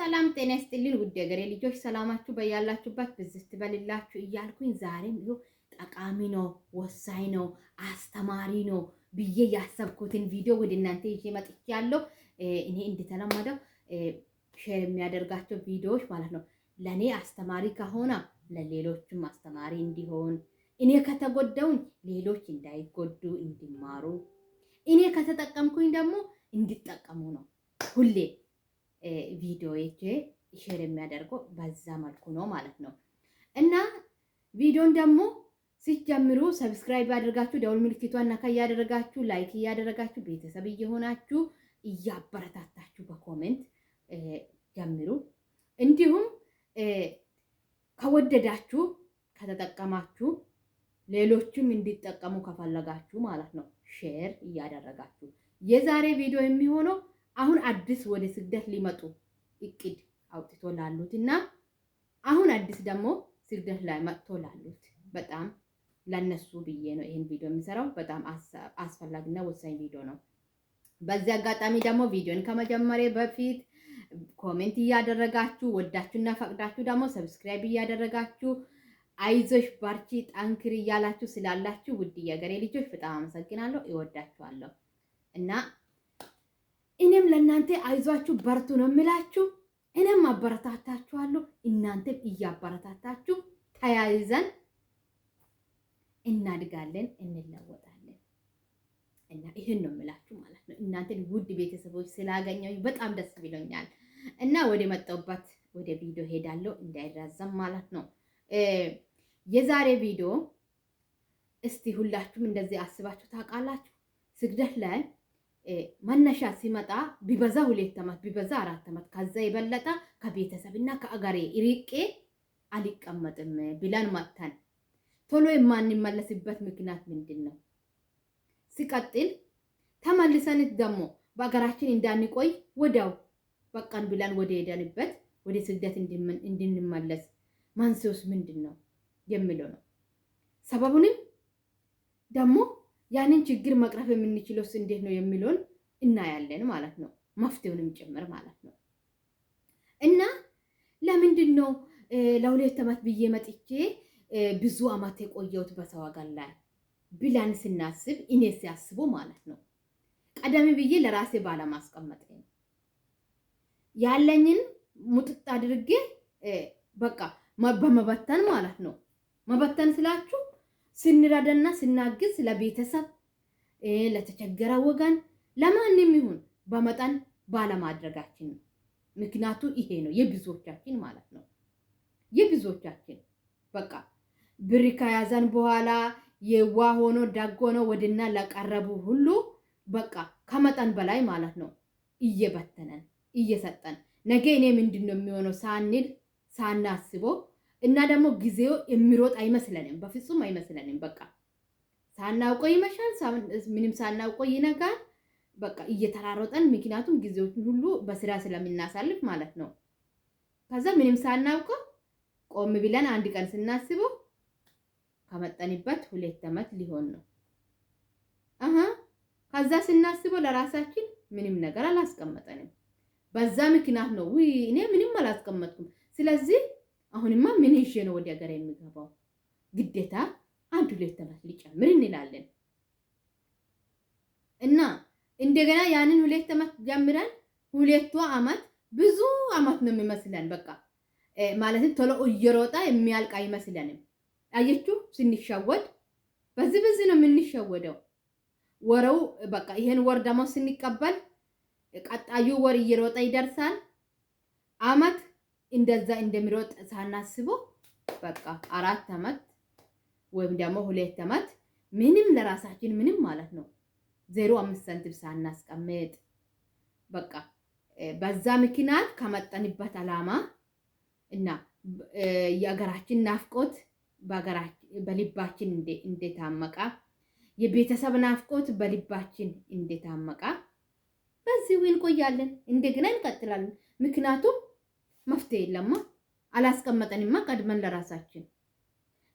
ሰላም ጤና ይስጥልኝ ውድ የሀገሬ ልጆች፣ ሰላማችሁ በያላችሁበት ብዝት ትበልላችሁ እያልኩኝ ዛሬም ይኸው ጠቃሚ ነው፣ ወሳኝ ነው፣ አስተማሪ ነው ብዬ ያሰብኩትን ቪዲዮ ወደ እናንተ ይዤ መጥቻለሁ። እኔ እንደተለመደው ሼር የሚያደርጋቸው ቪዲዮዎች ማለት ነው ለእኔ አስተማሪ ከሆነ ለሌሎችም አስተማሪ እንዲሆን፣ እኔ ከተጎዳውን ሌሎች እንዳይጎዱ እንዲማሩ፣ እኔ ከተጠቀምኩኝ ደግሞ እንዲጠቀሙ ነው ሁሌ ቪዲዮ ይቼ ሼር የሚያደርገው በዛ መልኩ ነው ማለት ነው። እና ቪዲዮን ደግሞ ሲጀምሩ ሰብስክራይብ አድርጋችሁ ደውል ምልክቷን ነካ እያደረጋችሁ ላይክ እያደረጋችሁ ቤተሰብ እየሆናችሁ እያበረታታችሁ በኮሜንት ጀምሩ። እንዲሁም ከወደዳችሁ ከተጠቀማችሁ ሌሎችም እንዲጠቀሙ ከፈለጋችሁ ማለት ነው ሼር እያደረጋችሁ የዛሬ ቪዲዮ የሚሆነው አሁን አዲስ ወደ ስደት ሊመጡ እቅድ አውጥቶ ላሉት እና አሁን አዲስ ደግሞ ስደት ላይ መጥቶ ላሉት በጣም ለነሱ ብዬ ነው ይህን ቪዲዮ የሚሰራው። በጣም አስፈላጊና ወሳኝ ቪዲዮ ነው። በዚህ አጋጣሚ ደግሞ ቪዲዮን ከመጀመሪያ በፊት ኮሜንት እያደረጋችሁ ወዳችሁና ፈቅዳችሁ ደግሞ ሰብስክራይብ እያደረጋችሁ አይዞሽ ባርቺ ጠንክሪ እያላችሁ ስላላችሁ ውድ የገሬ ልጆች በጣም አመሰግናለሁ። ይወዳችኋለሁ እና እኔም ለእናንተ አይዟችሁ በርቱ ነው የምላችሁ። እኔም አበረታታችኋለሁ፣ እናንተም እያበረታታችሁ ተያይዘን እናድጋለን፣ እንለወጣለን እና ይህን ነው የምላችሁ ማለት ነው። እናንተን ውድ ቤተሰቦች ስላገኘው በጣም ደስ ብሎኛል እና ወደ መጣሁበት ወደ ቪዲዮ ሄዳለሁ እንዳይራዘም ማለት ነው። የዛሬ ቪዲዮ እስቲ ሁላችሁም እንደዚህ አስባችሁ ታውቃላችሁ ስግደት ላይ መነሻ ሲመጣ ቢበዛ ሁለት ዓመት ቢበዛ አራት ዓመት ከዛ የበለጠ ከቤተሰብና ከአገሬ ርቄ አልቀመጥም ብለን መጥተን ቶሎ የማንመለስበት ምክንያት ምንድን ነው? ሲቀጥል ተመልሰን ደግሞ በአገራችን እንዳንቆይ ወዲያው በቃን ብለን ወደ ሄደንበት ወደ ስደት እንድንመለስ መንስኤውስ ምንድን ነው የሚለው ነው። ሰበቡንም ደግሞ ያንን ችግር መቅረፍ የምንችለውስ እንዴት ነው የሚለውን እናያለን ማለት ነው። መፍትሄውንም ጭምር ማለት ነው። እና ለምንድን ነው ለሁለት ዓመት ብዬ መጥቼ ብዙ ዓመት የቆየሁት በሰው ሀገር ላይ ብላን ስናስብ እኔ ሲያስቡ ማለት ነው ቀደም ብዬ ለራሴ ባለማስቀመጥ ነው ያለኝን ሙጥጥ አድርጌ በቃ በመበተን ማለት ነው። መበተን ስላችሁ ስንረዳና ስናግዝ ለቤተሰብ ለተቸገረ ወገን ለማንም ይሁን በመጠን ባለማድረጋችን ነው። ምክንያቱ ይሄ ነው የብዙዎቻችን ማለት ነው። የብዙዎቻችን በቃ ብር ከያዘን በኋላ የዋ ሆኖ ዳግ ሆኖ ወድና ለቀረቡ ሁሉ በቃ ከመጠን በላይ ማለት ነው እየበተነን እየሰጠን ነገ እኔ ምንድን ነው የሚሆነው ሳንል ሳናስበው እና ደግሞ ጊዜው የሚሮጥ አይመስለንም፣ በፍጹም አይመስለንም። በቃ ሳናውቀው ይመሻል፣ ምንም ሳናውቆ ይነጋል። በቃ እየተራሮጠን ምክንያቱም ጊዜዎችን ሁሉ በስራ ስለምናሳልፍ ማለት ነው። ከዛ ምንም ሳናውቀ ቆም ብለን አንድ ቀን ስናስበው ከመጠንበት ሁለት ዓመት ሊሆን ነው። አሀ ከዛ ስናስበው ለራሳችን ምንም ነገር አላስቀመጠንም። በዛ ምክንያት ነው ውይ እኔ ምንም አላስቀመጥኩም። ስለዚህ አሁንማ ምን ይዤ ነው ወደ ሀገር የሚገባው? ግዴታ አንድ ሁለት ተባት ሊጨምር እንላለን እና እንደገና ያንን ሁለት ተመት ጀምረን ሁለቱ አመት ብዙ አመት ነው የሚመስለን። በቃ ማለት ቶሎ እየሮጣ የሚያልቅ አይመስለንም። አየችሁ ስንሸወድ፣ በዚህ በዚህ ነው የምንሸወደው። ወረው በቃ ይሄን ወር ደግሞ ስንቀበል ቀጣዩ ወር እየሮጣ ይደርሳል አመት እንደዛ እንደሚሮጥ ሳናስበው በቃ አራት አመት ወይም ደግሞ ሁለት አመት ምንም ለራሳችን ምንም ማለት ነው ዜሮ አምስት ሳንቲም ሳናስቀምጥ በቃ በዛ ምክንያት ከመጠንበት አላማ እና የሀገራችን ናፍቆት በልባችን እንደታመቀ የቤተሰብ ናፍቆት በልባችን እንደታመቀ በዚህ እንቆያለን። እንደገና እንቀጥላለን ምክንያቱም መፍትሄ የለማ። አላስቀመጠንማ ቀድመን ለራሳችን።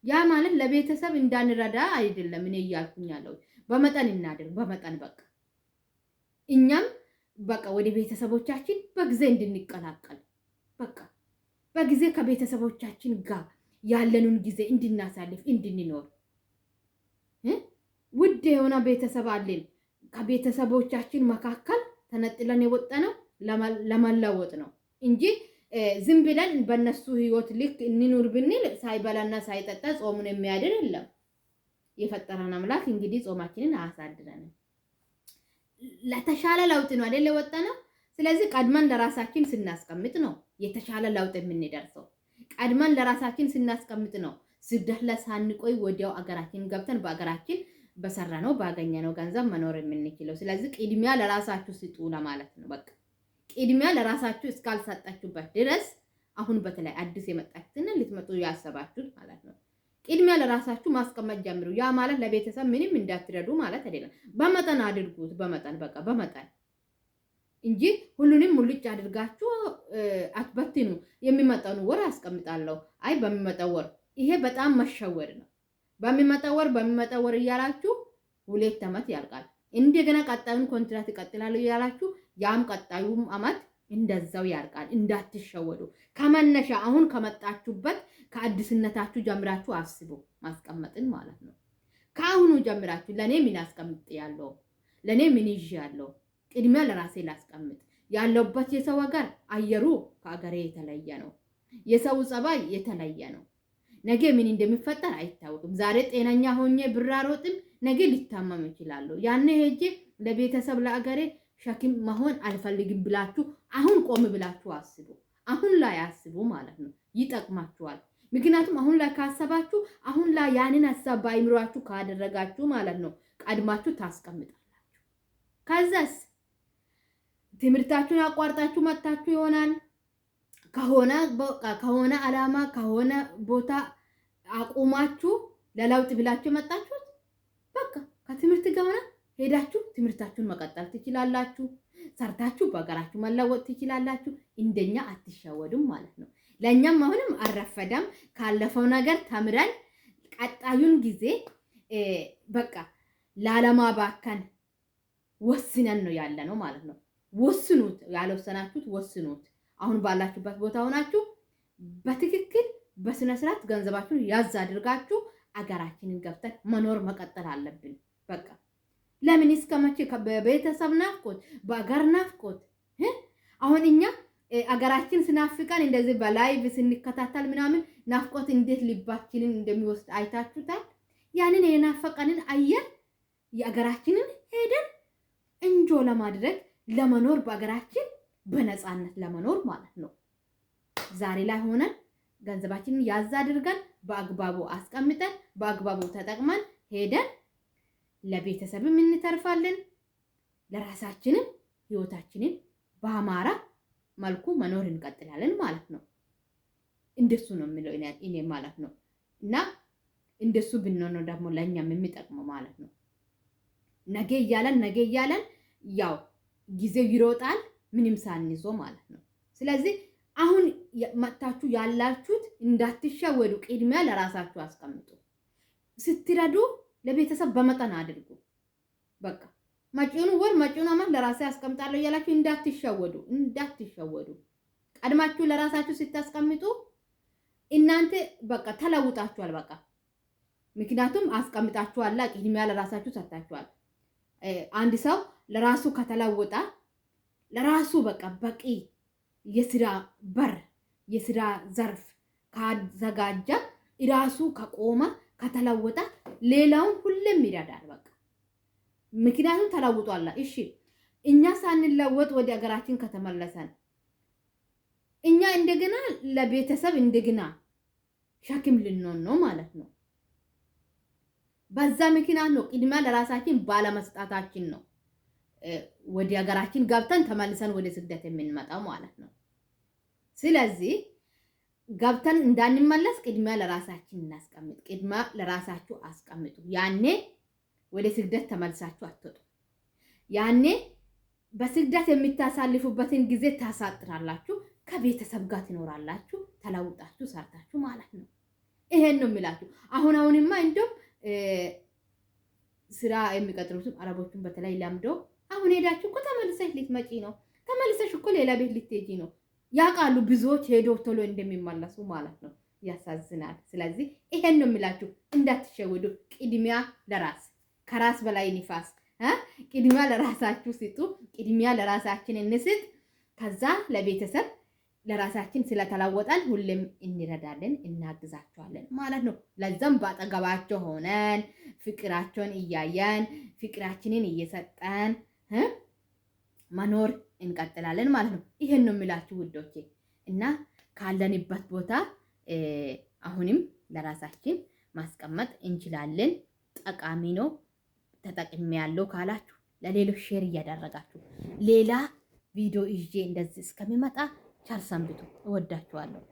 ያ ማለት ለቤተሰብ እንዳንረዳ አይደለም። እኔ እያልኩኝ ያለው በመጠን እናድር፣ በመጠን በቃ እኛም በቃ ወደ ቤተሰቦቻችን በጊዜ እንድንቀላቀል በቃ በጊዜ ከቤተሰቦቻችን ጋር ያለንን ጊዜ እንድናሳልፍ እንድንኖር። ውድ የሆነ ቤተሰብ አለን። ከቤተሰቦቻችን መካከል ተነጥለን የወጣ ነው ለመለወጥ ነው እንጂ ዝም ብለን በነሱ ህይወት ልክ እንኑር ብንል ሳይበላና ሳይጠጣ ጾሙን የሚያድር የለም። የፈጠረን አምላክ እንግዲህ ጾማችንን አያሳድረንም። ለተሻለ ለውጥ ነው አይደል ወጣ ስለዚህ ቀድመን ለራሳችን ስናስቀምጥ ነው የተሻለ ለውጥ የምንደርሰው። ቀድመን ለራሳችን ስናስቀምጥ ነው ስደት ላይ ሳንቆይ ወዲያው አገራችን ገብተን በአገራችን በሰራ ነው ባገኘ ነው ገንዘብ መኖር የምንችለው። ስለዚህ ቅድሚያ ለራሳችሁ ስጡ ለማለት ነው በቃ። ቅድሚያ ለራሳችሁ እስካልሰጣችሁበት ድረስ አሁን በተለይ አዲስ የመጣችሁትን ልትመጡ ያሰባችሁት ማለት ነው ቅድሚያ ለራሳችሁ ማስቀመጥ ጀምሩ። ያ ማለት ለቤተሰብ ምንም እንዳትረዱ ማለት አይደለም። በመጠን አድርጉት፣ በመጠን በቃ በመጠን እንጂ ሁሉንም ሙልጭ አድርጋችሁ አትበትኑ። የሚመጣውን ወር አስቀምጣለሁ፣ አይ በሚመጣው ወር ይሄ በጣም መሸወድ ነው። በሚመጣው ወር በሚመጣው ወር እያላችሁ ሁለት ዓመት ያልቃል። እንደገና ቀጣዩን ኮንትራት ይቀጥላሉ እያላችሁ ያም ቀጣዩም አመት እንደዛው ያርቃል። እንዳትሸወዱ ከመነሻ አሁን ከመጣችሁበት ከአዲስነታችሁ ጀምራችሁ አስቡ። ማስቀመጥን ማለት ነው። ከአሁኑ ጀምራችሁ ለእኔ ምን አስቀምጥ ያለው ለእኔ ምን ይዤ ያለው ቅድሚያ ለራሴ ላስቀምጥ ያለውበት የሰው ሀገር አየሩ ከሀገሬ የተለየ ነው። የሰው ጸባይ የተለየ ነው። ነገ ምን እንደሚፈጠር አይታወቅም። ዛሬ ጤነኛ ሆኜ ብራሮጥም ነገ ሊታመም ይችላሉ። ያኔ ሄጄ ለቤተሰብ ለአገሬ ሸክም መሆን አልፈልግም ብላችሁ አሁን ቆም ብላችሁ አስቡ። አሁን ላይ አስቡ ማለት ነው፣ ይጠቅማችኋል። ምክንያቱም አሁን ላይ ካሰባችሁ፣ አሁን ላይ ያንን ሀሳብ በአይምሯችሁ ካደረጋችሁ ማለት ነው ቀድማችሁ ታስቀምጣላችሁ። ከዛስ ትምህርታችሁን አቋርጣችሁ መጥታችሁ ይሆናል ከሆነ ከሆነ አላማ ከሆነ ቦታ አቁማችሁ ለለውጥ ብላችሁ የመጣችሁት በቃ ከትምህርት ጋር ሆነ ሄዳችሁ ትምህርታችሁን መቀጠል ትችላላችሁ። ሰርታችሁ በሀገራችሁ መለወጥ ትችላላችሁ። እንደኛ አትሸወዱም ማለት ነው። ለእኛም አሁንም አልረፈደም። ካለፈው ነገር ተምረን ቀጣዩን ጊዜ በቃ ላለማባከን ወስነን ነው ያለ ነው ማለት ነው። ወስኑት፣ ያልወሰናችሁት ወስኑት። አሁን ባላችሁበት ቦታ ሆናችሁ በትክክል በስነስርዓት ገንዘባችሁን ያዝ አድርጋችሁ አገራችንን ገብተን መኖር መቀጠል አለብን በቃ ለምን እስከ መቼ? በቤተሰብ ናፍቆት፣ በአገር ናፍቆት። አሁን እኛ አገራችን ስናፍቃን እንደዚህ በላይቭ ስንከታተል ምናምን ናፍቆት እንዴት ልባችንን እንደሚወስድ አይታችሁታል። ያንን የናፈቀንን አየር የአገራችንን ሄደን እንጆ ለማድረግ ለመኖር በአገራችን በነፃነት ለመኖር ማለት ነው። ዛሬ ላይ ሆነን ገንዘባችንን ያዝ አድርገን በአግባቡ አስቀምጠን በአግባቡ ተጠቅመን ሄደን ለቤተሰብም እንተርፋለን፣ ለራሳችንም ህይወታችንን በአማራ መልኩ መኖር እንቀጥላለን ማለት ነው። እንደሱ ነው የሚለው እኔ ማለት ነው። እና እንደሱ ብንሆን ደግሞ ለእኛም የሚጠቅመው ማለት ነው። ነገ እያለን ነገ እያለን ያው ጊዜው ይሮጣል፣ ምንም ሳንይዞ ማለት ነው። ስለዚህ አሁን መጥታችሁ ያላችሁት እንዳትሸወዱ፣ ቅድሚያ ለራሳችሁ አስቀምጡ ስትረዱ ለቤተሰብ በመጠን አድርጉ። በቃ መጪውን ወር መጪውን አመት ለራሴ አስቀምጣለሁ እያላችሁ እንዳትሸወዱ እንዳትሸወዱ። ቀድማችሁ ለራሳችሁ ስታስቀምጡ እናንተ በቃ ተለውጣችኋል። በቃ ምክንያቱም አስቀምጣችኋላ፣ ቅድሚያ ለራሳችሁ ሰጥታችኋል። አንድ ሰው ለራሱ ከተለወጠ ለራሱ በቃ በቂ የስራ በር የስራ ዘርፍ ካዘጋጀ ራሱ ከቆማ ከተለወጠ ሌላውን ሁሌም ይረዳል። በቃ ምክንያቱም ተለውጧል። እሺ እኛ ሳንለወጥ ወደ ሀገራችን ከተመለሰን እኛ እንደገና ለቤተሰብ እንደገና ሸክም ልንሆን ነው ማለት ነው። በዛ ምክንያት ነው ቅድሚያ ለራሳችን ባለመስጣታችን ነው ወደ ሀገራችን ገብተን ተመልሰን ወደ ስደት የምንመጣው ማለት ነው። ስለዚህ ገብተን እንዳንመለስ ቅድሚያ ለራሳችን እናስቀምጥ። ቅድሚያ ለራሳችሁ አስቀምጡ። ያኔ ወደ ስግደት ተመልሳችሁ አትወጡ። ያኔ በስግደት የምታሳልፉበትን ጊዜ ታሳጥራላችሁ፣ ከቤተሰብ ጋር ትኖራላችሁ፣ ተለውጣችሁ ሰርታችሁ ማለት ነው። ይሄን ነው የሚላችሁ። አሁን አሁንማ እንዲሁም ስራ የሚቀጥሩትም አረቦቹን በተለይ ለምዶ አሁን ሄዳችሁ እኮ ተመልሰሽ ልትመጪ ነው። ተመልሰሽ እኮ ሌላ ቤት ልትሄጂ ነው። ያውቃሉ ብዙዎች ሄዶ ቶሎ እንደሚመለሱ ማለት ነው። ያሳዝናል። ስለዚህ ይሄን ነው የሚላችሁ፣ እንዳትሸወዱ። ቅድሚያ ለራስ ከራስ በላይ ንፋስ። ቅድሚያ ለራሳችሁ ስጡ። ቅድሚያ ለራሳችን እንስጥ፣ ከዛ ለቤተሰብ ለራሳችን ስለተለወጠን ሁሌም እንረዳለን እናግዛቸዋለን ማለት ነው። ለዛም በአጠገባቸው ሆነን ፍቅራቸውን እያየን ፍቅራችንን እየሰጠን መኖር እንቀጥላለን ማለት ነው። ይሄን ነው የምላችሁ ውዶቼ እና ካለንበት ቦታ አሁንም ለራሳችን ማስቀመጥ እንችላለን። ጠቃሚ ነው። ተጠቅሜ ያለው ካላችሁ ለሌሎች ሼር እያደረጋችሁ ሌላ ቪዲዮ ይዤ እንደዚህ እስከሚመጣ ቸር ሰንብቱ። እወዳችኋለሁ።